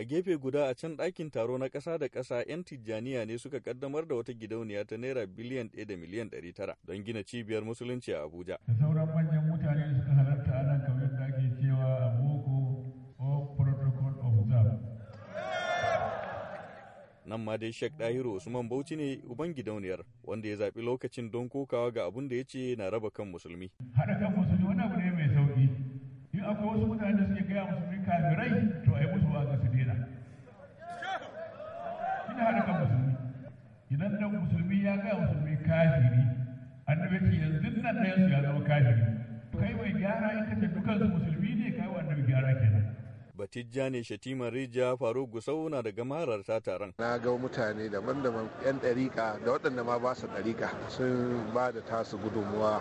A gefe guda a can ɗakin taro na ƙasa da ƙasa 'yan Tijjaniya ne suka kaddamar da wata gidauniya ta Naira biliyan ɗaya da miliyan ɗari tara don gina cibiyar Musulunci a Abuja. Da sauran manyan mutane suka halarta a nan kamar ake cewa a boko protocol of Nan ma dai Sheikh Dahiru Usman Bauchi ne uban gidauniyar wanda ya zaɓi lokacin don kokawa ga abin da ya ce na raba kan musulmi. Haɗa kan musulmi wani abu ne mai sauƙi. yin akwai wasu mutane da suke gaya musulmi kafirai idan da musulmi ya gaya musulmi kafiri annabi ce yanzu nan ɗayan su ya zama kafiri kai mai gyara in kace dukkan su musulmi ne kai wa annabi gyara kenan Batijjani Shatima Rija Faruk Gusau na daga marar ta taron. Na ga mutane daban-daban 'yan ɗarika da waɗanda ma ba su dariƙa sun ba da tasu gudunmuwa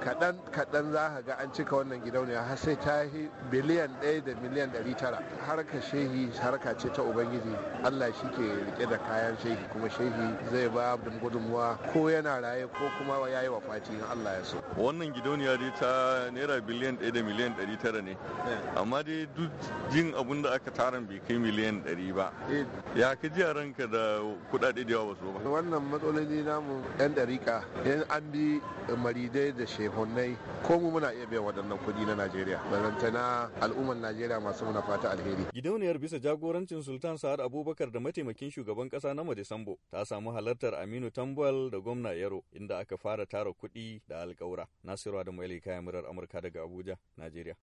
kaɗan kaɗan za ka ga an cika wannan gidauniya har sai ta yi biliyan ɗaya da miliyan ɗari tara harka shehi harka ce ta ubangiji allah shi ke rike da kayan shehi kuma shehi zai ba abin gudunmuwa ko yana raye ko kuma ya yi wafati in allah ya so wannan gidauniya dai ta naira biliyan ɗaya da miliyan ɗari tara ne eh. amma dai duk jin abun da aka taran bai kai miliyan ɗari ba eh. ya ka ji ranka da kuɗaɗe da yawa ba su ba wannan matsaloli namu yan ɗarika yan an bi maridai da shehu hunnai ko mu muna iya biyan waɗannan kuɗi na Najeriya. Balantana al'ummar Najeriya masu muna fata alheri. Gidauniyar bisa jagorancin Sultan Sa'ad Abubakar da mataimakin shugaban ƙasa na disambo ta samu halartar Aminu Tambal da gwamna Yaro inda aka fara tara kuɗi da alƙawura. Nasiru Adamu Ali kayan murar Amurka daga Abuja, Najeriya.